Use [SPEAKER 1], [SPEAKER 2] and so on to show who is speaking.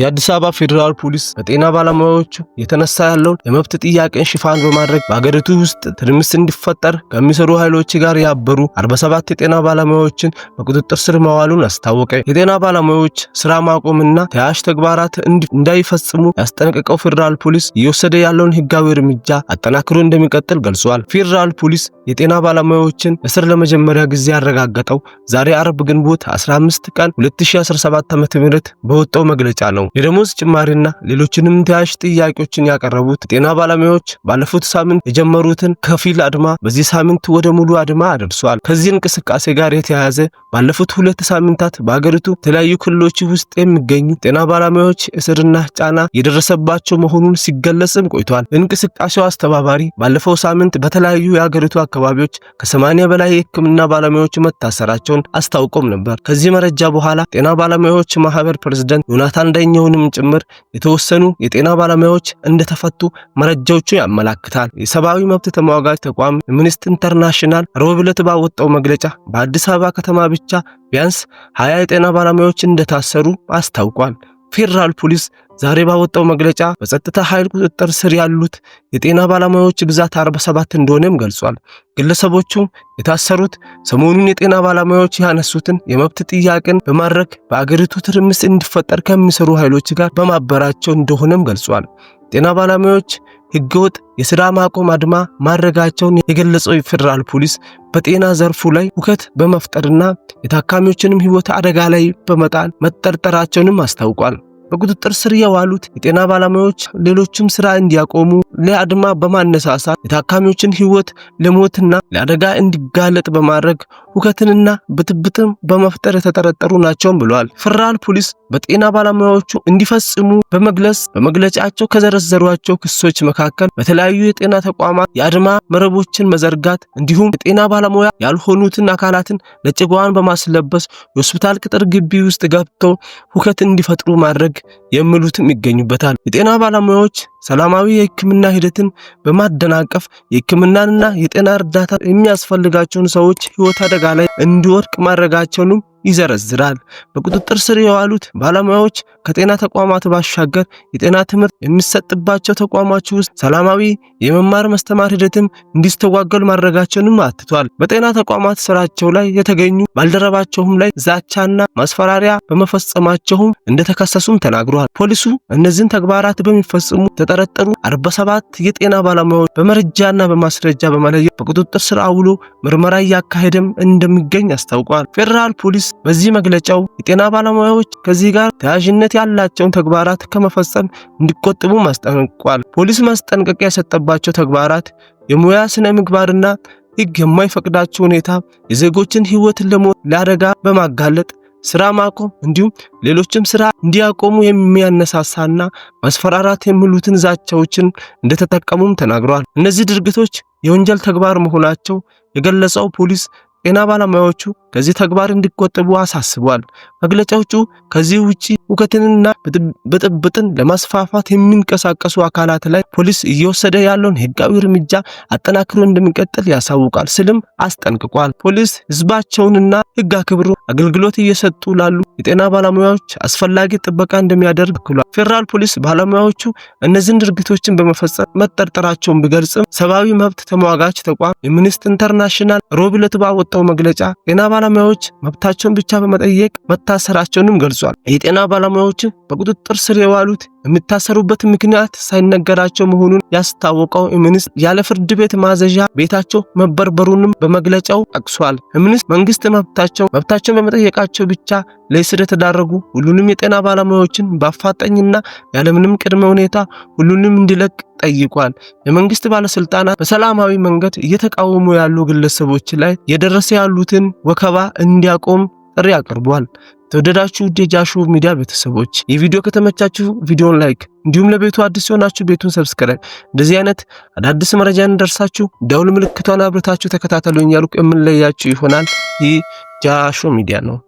[SPEAKER 1] የአዲስ አበባ ፌዴራል ፖሊስ በጤና ባለሙያዎች የተነሳ ያለውን የመብት ጥያቄን ሽፋን በማድረግ በአገሪቱ ውስጥ ትርምስ እንዲፈጠር ከሚሰሩ ኃይሎች ጋር ያበሩ 47 የጤና ባለሙያዎችን በቁጥጥር ስር መዋሉን አስታወቀ። የጤና ባለሙያዎች ስራ ማቆምና ተያያዥ ተግባራት እንዳይፈጽሙ ያስጠነቀቀው ፌዴራል ፖሊስ እየወሰደ ያለውን ህጋዊ እርምጃ አጠናክሮ እንደሚቀጥል ገልጿል። ፌዴራል ፖሊስ የጤና ባለሙያዎችን እስር ለመጀመሪያ ጊዜ ያረጋገጠው ዛሬ አርብ ግንቦት 15 ቀን 2017 ም በወጣው መግለጫ ነው። ነው። የደሞዝ ጭማሪና ሌሎችንም ተያያዥ ጥያቄዎችን ያቀረቡት ጤና ባለሙያዎች ባለፉት ሳምንት የጀመሩትን ከፊል አድማ በዚህ ሳምንት ወደ ሙሉ አድማ አደርሷል። ከዚህ እንቅስቃሴ ጋር የተያያዘ ባለፉት ሁለት ሳምንታት በአገሪቱ የተለያዩ ክልሎች ውስጥ የሚገኙ ጤና ባለሙያዎች እስርና ጫና የደረሰባቸው መሆኑን ሲገለጽም ቆይቷል። እንቅስቃሴው አስተባባሪ ባለፈው ሳምንት በተለያዩ የአገሪቱ አካባቢዎች ከሰማንያ በላይ የህክምና ባለሙያዎች መታሰራቸውን አስታውቆም ነበር። ከዚህ መረጃ በኋላ ጤና ባለሙያዎች ማህበር ፕሬዝደንት ዮናታን ዳኛ ሰራተኛውንም ጭምር የተወሰኑ የጤና ባለሙያዎች እንደተፈቱ መረጃዎቹ ያመላክታል። የሰብአዊ መብት ተሟጋጅ ተቋም አምነስቲ ኢንተርናሽናል ሮብ ዕለት ባወጣው መግለጫ በአዲስ አበባ ከተማ ብቻ ቢያንስ ሀያ የጤና ባለሙያዎች እንደታሰሩ አስታውቋል። ፌዴራል ፖሊስ ዛሬ ባወጣው መግለጫ በጸጥታ ኃይል ቁጥጥር ስር ያሉት የጤና ባለሙያዎች ብዛት 47 እንደሆነም ገልጿል። ግለሰቦቹ የታሰሩት ሰሞኑን የጤና ባለሙያዎች ያነሱትን የመብት ጥያቄን በማድረግ በአገሪቱ ትርምስ እንዲፈጠር ከሚሰሩ ኃይሎች ጋር በማበራቸው እንደሆነም ገልጿል። ጤና ባለሙያዎች ህገወጥ የስራ ማቆም አድማ ማድረጋቸውን የገለጸው የፌዴራል ፖሊስ በጤና ዘርፉ ላይ ሁከት በመፍጠርና የታካሚዎችንም ህይወት አደጋ ላይ በመጣል መጠርጠራቸውንም አስታውቋል። በቁጥጥር ስር የዋሉት የጤና ባለሙያዎች ሌሎችም ስራ እንዲያቆሙ ለአድማ በማነሳሳት የታካሚዎችን ህይወት ለሞትና ለአደጋ እንዲጋለጥ በማድረግ ሁከትንና ብጥብጥን በመፍጠር የተጠረጠሩ ናቸውም ብለዋል። ፌደራል ፖሊስ በጤና ባለሙያዎቹ እንዲፈጽሙ በመግለጽ በመግለጫቸው ከዘረዘሯቸው ክሶች መካከል በተለያዩ የጤና ተቋማት የአድማ መረቦችን መዘርጋት እንዲሁም የጤና ባለሙያ ያልሆኑትን አካላትን ነጭ ጋዋን በማስለበስ የሆስፒታል ቅጥር ግቢ ውስጥ ገብተው ሁከት እንዲፈጥሩ ማድረግ የሚሉትም ይገኙበታል። የጤና ባለሙያዎች ሰላማዊ የሕክምና ሂደትን በማደናቀፍ የሕክምናንና የጤና እርዳታ የሚያስፈልጋቸውን ሰዎች ህይወት ። አደጋ አደጋ ላይ እንዲወድቅ ማድረጋቸውንም ይዘረዝራል። በቁጥጥር ስር የዋሉት ባለሙያዎች ከጤና ተቋማት ባሻገር የጤና ትምህርት የሚሰጥባቸው ተቋማት ውስጥ ሰላማዊ የመማር መስተማር ሂደትም እንዲስተዋገል ማድረጋቸውንም አትቷል። በጤና ተቋማት ስራቸው ላይ የተገኙ ባልደረባቸውም ላይ ዛቻና ማስፈራሪያ በመፈጸማቸውም እንደተከሰሱም ተናግረዋል። ፖሊሱ እነዚህን ተግባራት በሚፈጽሙ ተጠረጠሩ 47 የጤና ባለሙያዎች በመረጃና በማስረጃ በመለየት በቁጥጥር ስር አውሎ ምርመራ እያካሄደም እንደሚገኝ አስታውቋል። ፌዴራል ፖሊስ በዚህ መግለጫው የጤና ባለሙያዎች ከዚህ ጋር ተያያዥነት ያላቸውን ተግባራት ከመፈጸም እንዲቆጥቡ ማስጠንቅቋል። ፖሊስ ማስጠንቀቂያ የሰጠባቸው ተግባራት የሙያ ስነ ምግባርና ሕግ የማይፈቅዳቸው ሁኔታ የዜጎችን ህይወት ለሞት ለአደጋ በማጋለጥ ስራ ማቆም እንዲሁም ሌሎችም ስራ እንዲያቆሙ የሚያነሳሳና ማስፈራራት የሚሉትን ዛቻዎችን እንደተጠቀሙም ተናግሯል። እነዚህ ድርጊቶች የወንጀል ተግባር መሆናቸው የገለጸው ፖሊስ ጤና ባለሙያዎቹ ከዚህ ተግባር እንዲቆጠቡ አሳስቧል። መግለጫዎቹ ከዚህ ውጪ ሁከትንና ብጥብጥን ለማስፋፋት የሚንቀሳቀሱ አካላት ላይ ፖሊስ እየወሰደ ያለውን ሕጋዊ እርምጃ አጠናክሮ እንደሚቀጥል ያሳውቃል ስልም አስጠንቅቋል። ፖሊስ ሕዝባቸውንና ሕግ አክብሮ አገልግሎት እየሰጡ ላሉ የጤና ባለሙያዎች አስፈላጊ ጥበቃ እንደሚያደርግ ክሏል። ፌዴራል ፖሊስ ባለሙያዎቹ እነዚህን ድርጊቶችን በመፈጸም መጠርጠራቸውን ቢገልጽም ሰብአዊ መብት ተሟጋች ተቋም የምኒስት ኢንተርናሽናል ሮብ ባወጣው መግለጫ ጤና ባለሙያዎች መብታቸውን ብቻ በመጠየቅ መታሰራቸውንም ገልጿል። የጤና ባለሙያዎችን በቁጥጥር ስር የዋሉት የሚታሰሩበት ምክንያት ሳይነገራቸው መሆኑን ያስታወቀው እምንስ ያለ ፍርድ ቤት ማዘዣ ቤታቸው መበርበሩንም በመግለጫው ጠቅሷል። እምንስ መንግስት መብታቸው መብታቸውን በመጠየቃቸው ብቻ ለእስር የተዳረጉ ሁሉንም የጤና ባለሙያዎችን በአፋጣኝና ያለምንም ቅድመ ሁኔታ ሁሉንም እንዲለቅ ጠይቋል። የመንግስት ባለስልጣናት በሰላማዊ መንገድ እየተቃወሙ ያሉ ግለሰቦች ላይ የደረሰ ያሉትን ወከባ እንዲያቆም ጥሪ አቅርቧል። ተወደዳችሁ ውድ የጃሾ ሚዲያ ቤተሰቦች ይህ ቪዲዮ ከተመቻችሁ ቪዲዮን ላይክ እንዲሁም ለቤቱ አዲስ ሲሆናችሁ ቤቱን ሰብስክራይብ፣ እንደዚህ አይነት አዳዲስ መረጃ እንደርሳችሁ ደውል ምልክቷን አብረታችሁ ተከታተሉኝ እያልኩ የምንለያችሁ ይሆናል። ይህ ጃሾ ሚዲያ ነው።